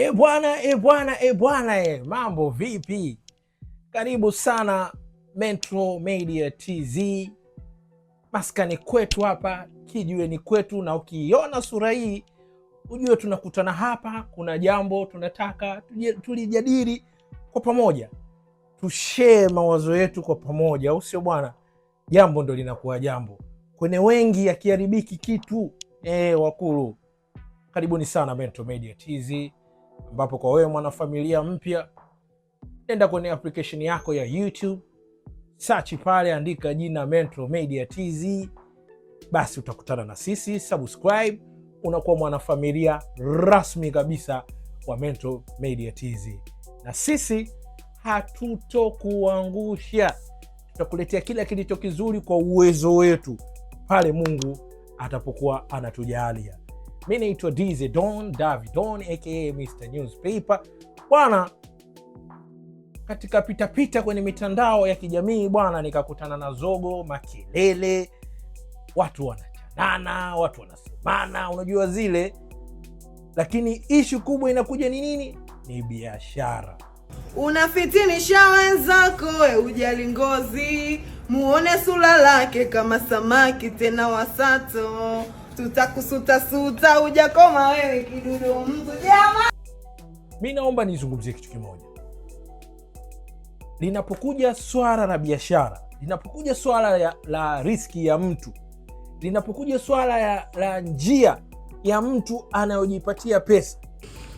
E bwana, e bwana, e bwana, e mambo vipi? Karibu sana Metro Media TZ, maskani kwetu hapa, ni kwetu, na ukiiona sura hii ujue tunakutana hapa, kuna jambo tunataka tulijadili kwa pamoja, tushee mawazo yetu kwa pamoja, au sio bwana? Jambo ndo linakuwa jambo kwenye wengi akiharibiki kitu. E, eh, wakulu, karibuni sana Metro Media TZ ambapo kwa wewe mwanafamilia mpya, nenda kwenye application yako ya YouTube, search pale, andika jina Metro Media TZ, basi utakutana na sisi. Subscribe, unakuwa mwanafamilia rasmi kabisa wa Metro Media TZ, na sisi hatutokuangusha, tutakuletea kila kilicho kizuri kwa uwezo wetu pale Mungu atapokuwa anatujalia. Mi naitwa DZ Don Davi Don aka Mr Newspaper bwana. Katika pitapita pita kwenye mitandao ya kijamii bwana, nikakutana na zogo, makelele, watu wanachanana, watu wanasemana, unajua zile. Lakini ishu kubwa inakuja ni nini? Ni biashara. Unafitinisha wenzako, we ujali ngozi, muone sura lake kama samaki tena wasato tutakusutasuta hujakoma wewe kidudu mtu jamaa. Mi naomba nizungumzie kitu kimoja, linapokuja swala la biashara, linapokuja swala la riski ya mtu, linapokuja swala ya, la njia ya mtu anayojipatia pesa.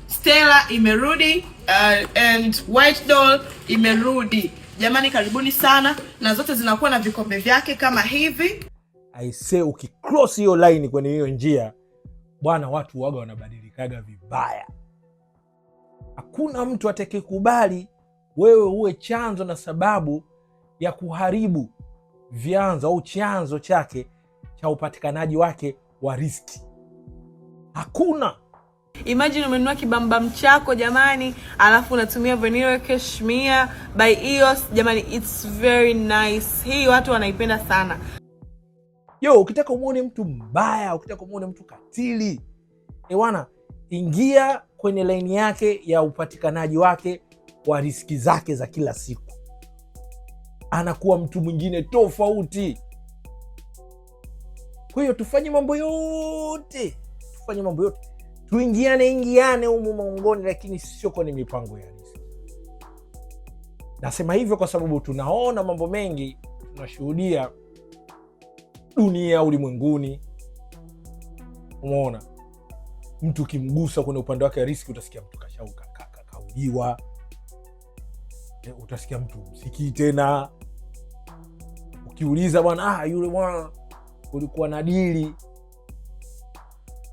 Stella imerudi uh, and White Doll imerudi. Jamani, karibuni sana, na zote zinakuwa na vikombe vyake kama hivi. I say, okay cross hiyo line kwenye hiyo njia bwana, watu waga wanabadilikaga vibaya. Hakuna mtu atakikubali wewe uwe chanzo na sababu ya kuharibu vyanzo au chanzo chake cha upatikanaji wake wa riski. Hakuna. Imagine umenunua kibambam chako jamani, alafu unatumia vanilla cashmere by EOS jamani, it's very nice. Hii watu wanaipenda sana yo, ukitaka umuone mtu mbaya, ukitaka umuone mtu katili ewana, eh, ingia kwenye laini yake ya upatikanaji wake wa riski zake za kila siku, anakuwa mtu mwingine tofauti. Kwa hiyo tufanye mambo yote, tufanye mambo yote, tuingiane ingiane humu maungoni, lakini sio kwenye mipango ya riski. Nasema hivyo kwa sababu tunaona mambo mengi, tunashuhudia dunia ulimwenguni. Umeona mtu ukimgusa kwenye upande wake riski, utasikia mtu kashauka, e, utasikia mtu msikii tena. Ukiuliza bwana, ah, yule bwana ulikuwa na dili,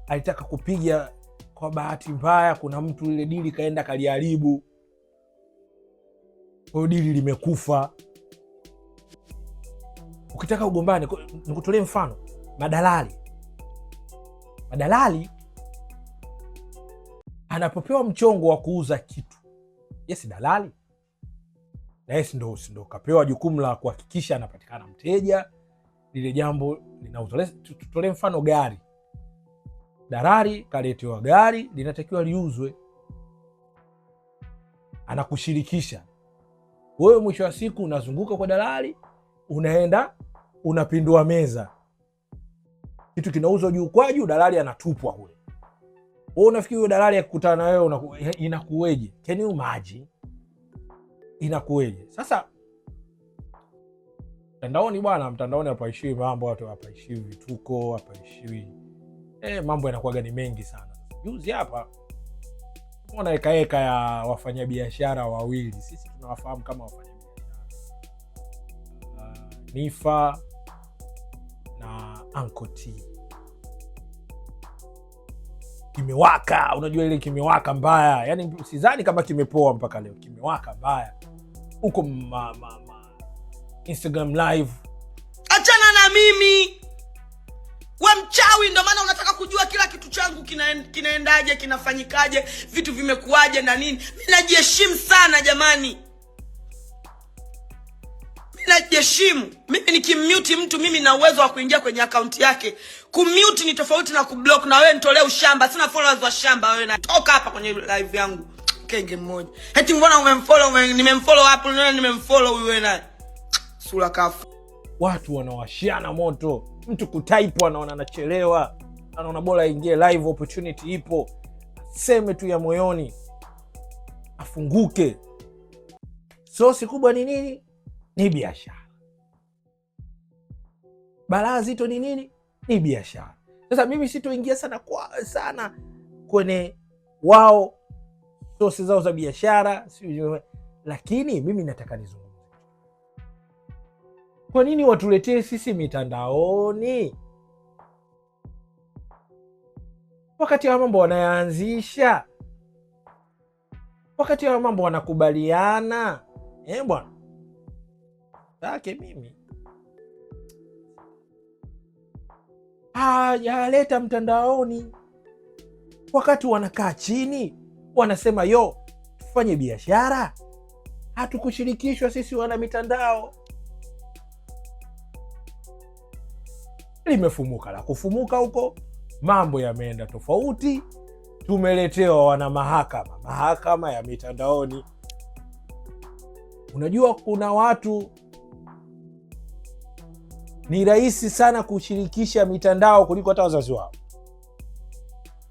alitaka kupiga kwa bahati mbaya, kuna mtu lile dili kaenda kaliharibu, kwayo dili limekufa ukitaka ugombane, nikutolee mfano madalali. Madalali anapopewa mchongo wa kuuza kitu, yesi dalali na yesi ndo, ndo kapewa jukumu la kuhakikisha anapatikana mteja, lile jambo linauzwa. Tutolee mfano gari, dalali kaletewa gari linatakiwa liuzwe, anakushirikisha wewe, mwisho wa siku unazunguka kwa dalali unaenda unapindua meza, kitu kinauzwa juu kwa juu, dalali anatupwa kule. unafikiri huyo dalali akikutana na wewe inakuweje? Can you imagine inakuweje? Sasa mtandaoni bwana, mtandaoni hapaishiwi mambo, watu hapaishiwi vituko, hapaishiwi e, mambo yanakuwaga ni mengi sana. Juzi hapa ona ekaeka ya wafanyabiashara wawili, sisi tunawafahamu kama wafanyabiashara uh, Nifa Uncle T kimewaka, unajua ile kimewaka mbaya, yani sidhani kama kimepoa mpaka leo, kimewaka mbaya huko ma, ma, ma, Instagram live. Achana na mimi, we mchawi, ndo maana unataka kujua kila kitu changu kinaendaje, kina kinafanyikaje, vitu vimekuwaje na nini. Mi najiheshimu sana jamani anajiheshimu. Mimi nikimmute mtu, mimi na uwezo wa kuingia kwenye akaunti yake. Kumute ni tofauti na kublock, na wewe nitolee ushamba. Sina followers wa shamba wewe, natoka hapa kwenye live yangu. Kenge mmoja. Eti mbona umemfollow? Nimemfollow hapo nani nimemfollow huyu wewe naye. Sura kafu. Watu wanawashiana moto. Mtu kutype anaona anachelewa. Anaona bora aingie live, opportunity ipo. Seme tu ya moyoni. Afunguke. Sosi kubwa ni nini? ni biashara. Balaa zito ni nini? Ni biashara. Sasa mimi sitoingia sana kwa sana kwenye wao sosi zao za biashara, lakini mimi nataka nizungumze kwa nini watuletee sisi mitandaoni wakati hawa mambo wanayaanzisha, wakati hawa mambo wanakubaliana eh bwana zake mimi hajaleta mtandaoni. Wakati wanakaa chini wanasema yo, tufanye biashara, hatukushirikishwa sisi wana mitandao. Limefumuka la kufumuka huko, mambo yameenda tofauti. Tumeletewa wana mahakama, mahakama ya mitandaoni. Unajua kuna watu ni rahisi sana kushirikisha mitandao kuliko hata wazazi wao.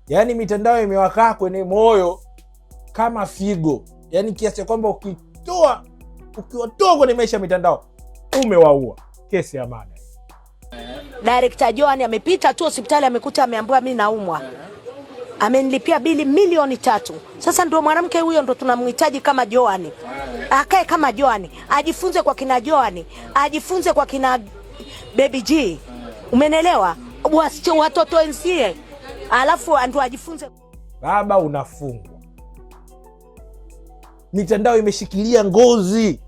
Yaani mitandao imewakaa kwenye moyo kama figo, yaani kiasi cha kwamba ukitoa ukiwatoa kwenye maisha ya mitandao umewaua. Kesi ya mana Director Joan amepita tu hospitali amekuta ameambiwa mimi naumwa, amenilipia bili milioni tatu. Sasa ndio mwanamke huyo ndo tunamhitaji kama Joan, akae kama Joan, ajifunze kwa kina joani ajifunze kwa kina Baby G, umenelewa? Wasicho watoto wenzie, alafu ndo ajifunze. Baba unafungwa, mitandao imeshikilia ngozi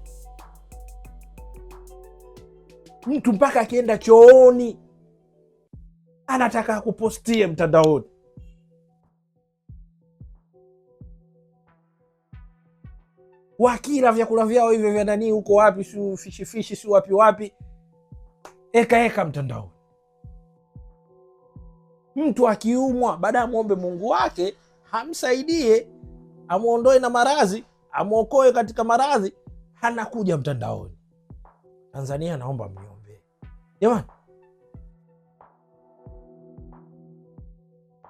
mtu, mpaka akienda chooni anataka kupostie mtandaoni. Wakila vyakula vyao hivyo vya nani, huko wapi, su fishi fishi, si wapi wapi eka eka mtandaoni. Mtu akiumwa, baada ya mwombe Mungu wake hamsaidie, amwondoe na maradhi, amwokoe katika maradhi, anakuja mtandaoni. Tanzania, naomba mniombee jamani.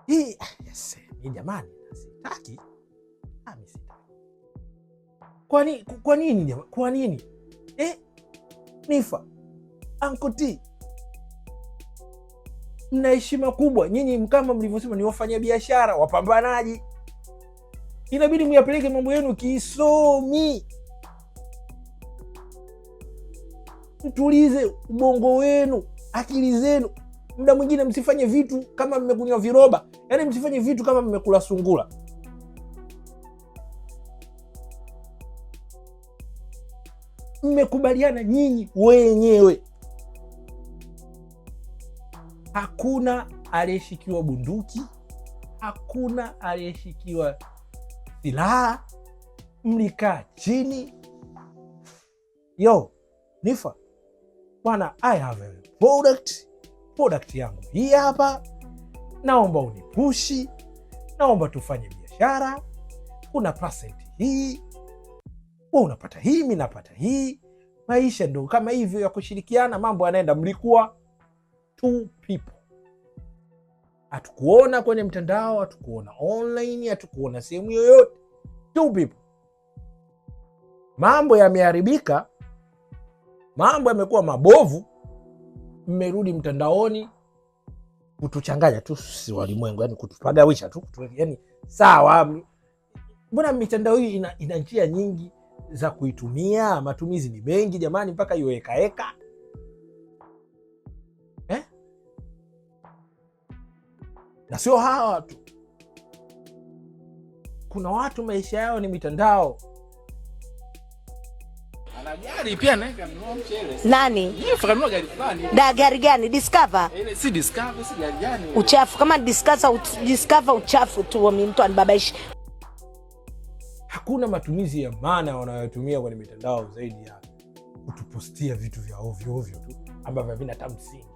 Hii ah, yes, jamani, sitaki ah, kwa nini? Kwa nini? Kwa nini? Eh, nifa Anko T, mna heshima kubwa nyinyi, kama mlivyosema ni wafanyabiashara wapambanaji, inabidi myapeleke mambo yenu kisomi, mtulize ubongo wenu, akili zenu. Mda mwingine msifanye vitu kama mmekunywa viroba, yaani msifanye vitu kama mmekula sungura. Mmekubaliana nyinyi wenyewe hakuna aliyeshikiwa bunduki, hakuna aliyeshikiwa silaha. Mlikaa chini, yo Nifa bwana, I have a product, product yangu hii hapa, naomba unipushi, naomba tufanye biashara, kuna percent hii, we unapata hii, mi napata hii. Maisha ndo kama hivyo ya kushirikiana, mambo yanaenda. Mlikuwa two people. Hatukuona kwenye mtandao, hatukuona online, hatukuona sehemu yoyote, two people. Mambo yameharibika, mambo yamekuwa mabovu, mmerudi mtandaoni kutuchanganya tu sisi walimwengu, yani kutupagawisha tu, yani sawa. Mbona mitandao hii ina, ina njia nyingi za kuitumia, matumizi ni mengi jamani, mpaka iwekaeka na sio hawa watu. Kuna watu maisha yao ni mitandao. Ana gari pia anaweka mnunua mchele. Nani? Yeye fakanua gari fulani. Da gari gani? Discover. Eh, ile si Discover, si gari gani? Uchafu kama Discover, Discover uchafu tu wa mtu anibabaishi. Hakuna matumizi ya maana wanayotumia kwenye mitandao zaidi ya kutupostia vitu vya ovyo ovyo tu ambavyo havina tamsini.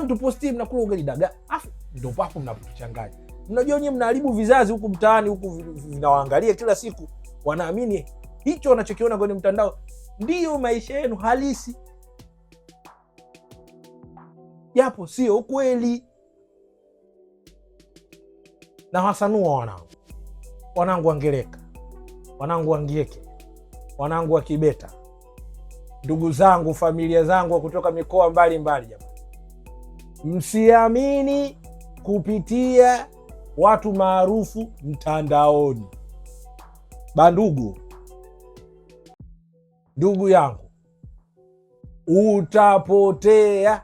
mbona mtu posti mnakula ugali daga? Afu ndo papo mnapochanganya, mnajua nyinyi mnaharibu vizazi huku mtaani huku, vinawaangalia kila siku, wanaamini hicho wanachokiona kwenye mtandao ndiyo maisha yenu halisi, japo sio kweli. Na wasanua wanangu, wanangu wangeleka, wanangu wangieke, wanangu wakibeta, ndugu zangu, familia zangu wa kutoka mikoa mbalimbali, japo msiamini kupitia watu maarufu mtandaoni. Bandugu, ndugu yangu, utapotea.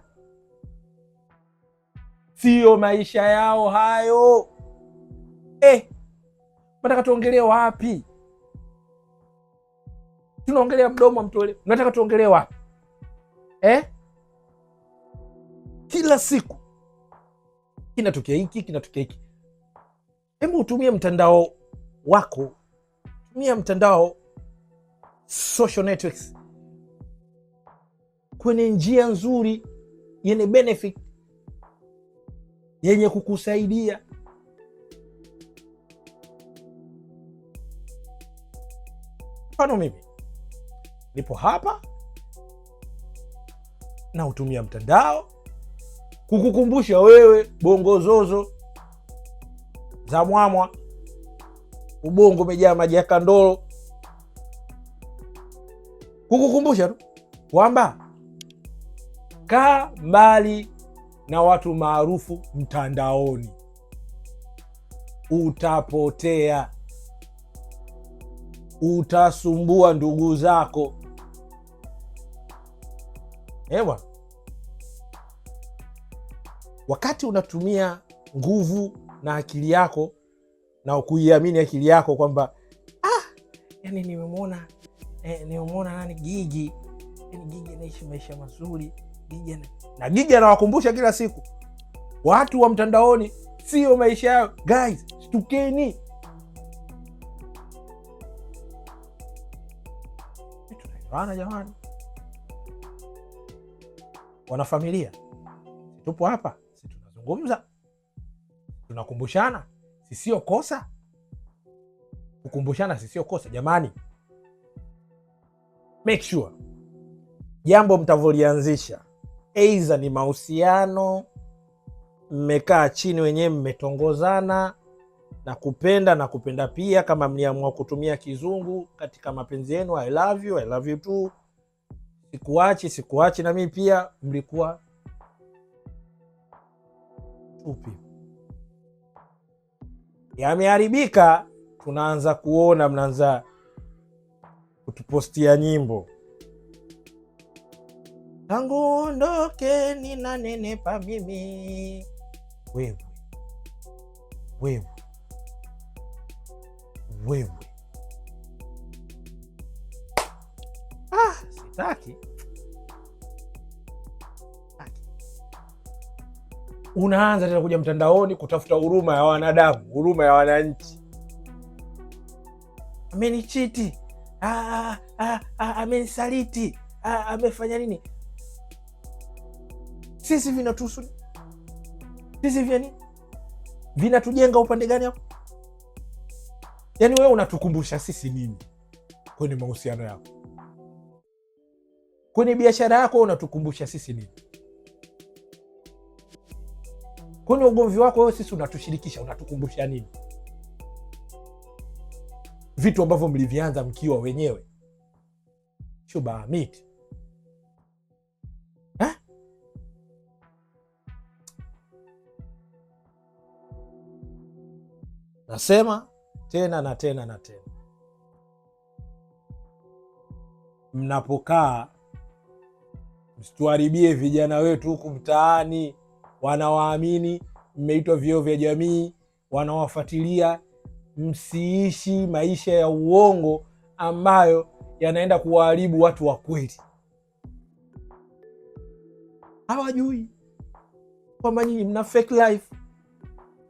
Siyo maisha yao hayo. Eh, nataka tuongelee wapi? Tunaongelea mdomo wa mtu, nataka tuongelee wapi eh? kila siku kinatokea hiki, kinatokea hiki. Hebu utumie mtandao wako, tumia mtandao social networks kwenye njia nzuri yenye benefit yenye kukusaidia. Mfano, mimi nipo hapa na utumia mtandao kukukumbusha wewe bongozozo za mwamwa, ubongo umejaa maji ya kandolo, kukukumbusha tu kwamba kaa mbali na watu maarufu mtandaoni, utapotea, utasumbua ndugu zako ewa eh, Wakati unatumia nguvu na akili yako na kuiamini akili yako kwamba ah, yani nimemwona eh, nimemwona nani Gigi, yani Gigi anaishi maisha mazuri Gigi na, na Gigi anawakumbusha kila siku watu wa mtandaoni sio maisha yao. Guys, shtukeni tunaelewana jamani, wanafamilia, tupo hapa tunazungumza, tunakumbushana, sisio kosa kukumbushana, sisio kosa jamani. Make sure jambo mtavyolianzisha, aidha ni mahusiano, mmekaa chini wenyewe, mmetongozana na kupenda na kupenda pia, kama mliamua kutumia kizungu katika mapenzi yenu, I love you, I love you too, sikuachi, sikuachi na mimi pia, mlikuwa upi. Yameharibika, tunaanza kuona, mnaanza kutupostia nyimbo tangu ondoke, nenepa mimi. Wewe wewe wewe, ah, sitaki unaanza tena kuja mtandaoni kutafuta huruma ya wanadamu, huruma ya wananchi. Amenichiti, ah, ah, ah, amenisaliti, amefanya nini? Sisi vinatuhusu sisi, vya nini? Vinatujenga upande gani hapo? Yaani wewe unatukumbusha sisi nini kwenye mahusiano yako, kwenye biashara yako? Unatukumbusha sisi nini? kwenye ugomvi wako wewe sisi unatushirikisha, unatukumbusha nini? Vitu ambavyo mlivianza mkiwa wenyewe chubaamiti Nasema tena na tena na tena, mnapokaa msituharibie vijana wetu huku mtaani wanawaamini, mmeitwa vyeo vya jamii, wanawafuatilia. Msiishi maisha ya uongo ambayo yanaenda kuwaharibu watu wa kweli. Hawajui kwamba nyinyi mna fake life,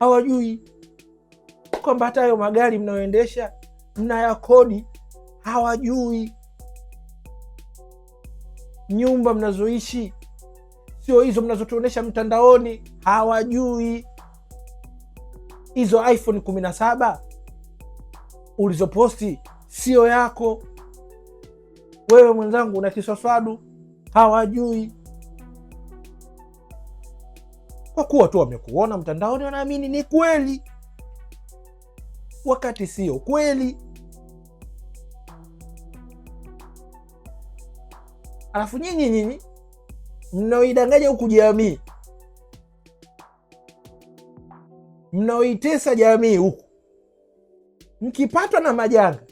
hawajui kwamba hata hayo magari mnayoendesha mna ya kodi, hawajui nyumba mnazoishi sio hizo mnazotuonyesha mtandaoni, hawajui hizo iPhone 17 ulizoposti sio yako wewe mwenzangu, una kiswaswadu. Hawajui kwa kuwa tu wamekuona mtandaoni, wanaamini ni kweli, wakati sio kweli. Alafu nyinyi nyinyi mnaoidanganya huku jamii, mnaoitesa jamii huku, mkipatwa na majanga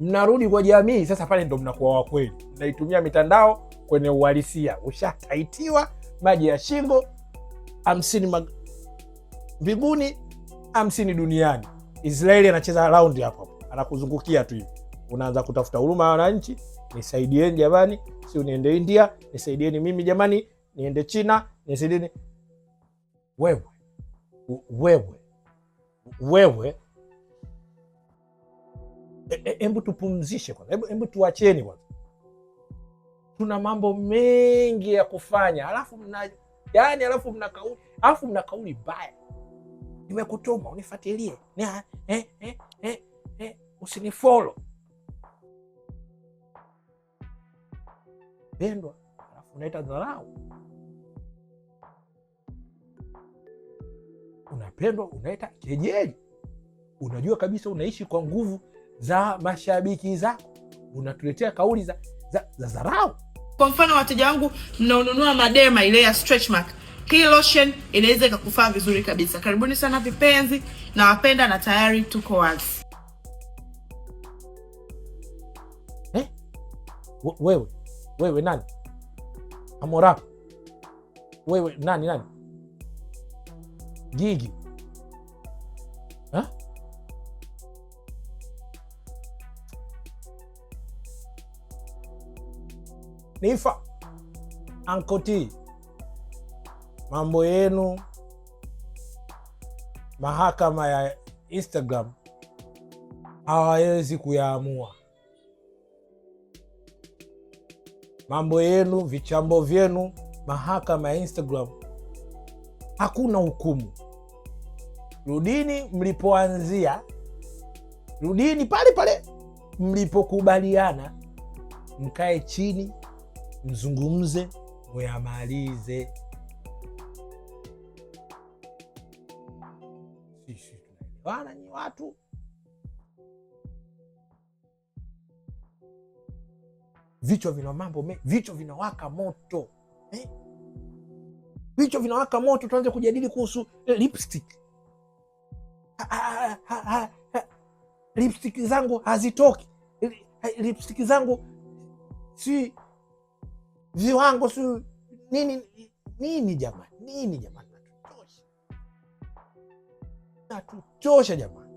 mnarudi kwa jamii. Sasa pale ndo mnakuwa wakweli mnaitumia mitandao kwenye uhalisia. Ushataitiwa maji ya shingo hamsini mag... mbinguni hamsini duniani. Israeli anacheza raundi hapo hapo, anakuzungukia tu hivi, unaanza kutafuta huruma ya wananchi nisaidieni jamani, si niende India, nisaidieni mimi jamani, niende China, nisaidieni wewe, wewe, wewe. Hebu e, e tupumzishe kwanza, hebu tuacheni kwanza, tuna mambo mengi ya kufanya, alafu mna yani, alafu mna kauli, alafu mna kauli mbaya, nimekutuma unifuatilie, eh, eh, eh, eh, usinifolo unapendwa, alafu unaita dharau. Unapendwa unaita kejeli. Unajua kabisa unaishi kwa nguvu za mashabiki zako, unatuletea kauli za za dharau. Kwa mfano, wateja wangu mnaonunua madema ile ya stretch mark, hii lotion inaweza ikakufaa vizuri kabisa. Karibuni sana vipenzi, nawapenda na tayari tuko wazi eh? wewe wewe nani? Amora wewe nani? Nani Gigi Nifa Ankoti, mambo yenu mahakama ya Instagram hawawezi kuyaamua. mambo yenu, vichambo vyenu, mahakama ya Instagram hakuna hukumu. Rudini mlipoanzia, rudini pale pale mlipokubaliana, mkae chini, mzungumze, muyamalize. vichwa vina mambo mengi, vichwa vinawaka moto eh? vichwa vinawaka moto, tuanze kujadili kuhusu eh, lipstick ha, ha, ha, ha, ha. lipstick zangu hazitoki, eh, lipstick zangu si viwango si nini nini, jamani, nini jamani, natuchosha, natuchosha jamani.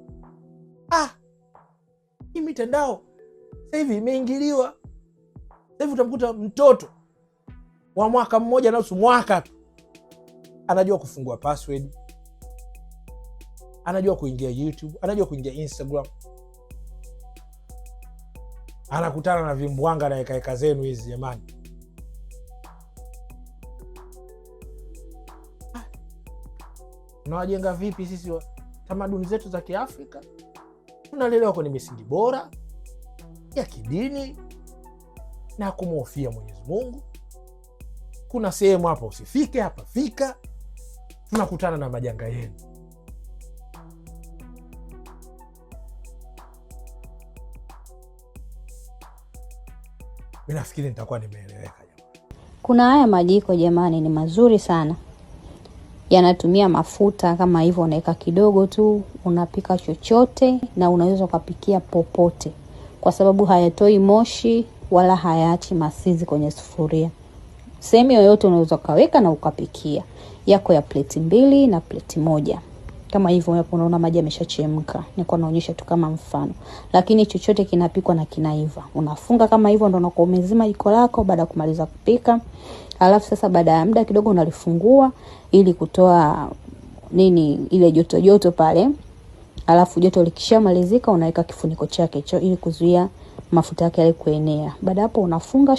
Ah, hii mitandao sasa hivi imeingiliwa hivi utamkuta mtoto wa mwaka mmoja na nusu, mwaka tu, anajua kufungua password, anajua kuingia YouTube, anajua kuingia Instagram, anakutana na vimbwanga na hekaheka zenu hizi jamani. Tunawajenga ah. vipi sisi wa tamaduni zetu za Kiafrika? Tunalelewa kwenye misingi bora ya kidini na kumhofia Mwenyezi Mungu. Kuna sehemu hapa usifike, hapa fika, tunakutana na majanga yenu. Mi nafikiri nitakuwa nimeeleweka. Kuna haya majiko jamani, ni mazuri sana, yanatumia mafuta kama hivyo, unaweka kidogo tu, unapika chochote na unaweza ukapikia popote, kwa sababu hayatoi moshi wala hayaachi masizi kwenye sufuria. Sehemu yoyote unaweza ukaweka na ukapikia yako ya pleti mbili na pleti moja kama hivyo hapo unaona maji yameshachemka. niko naonyesha tu kama mfano. Lakini chochote kinapikwa na kinaiva. Unafunga kama hivyo ndio unakuwa umezima jiko lako baada ya kumaliza kupika. Alafu sasa baada ya muda kidogo unalifungua ili kutoa nini ile joto joto pale. Alafu joto likishamalizika unaweka kifuniko chake hicho ili kuzuia mafuta yake yale kuenea. Baada hapo unafunga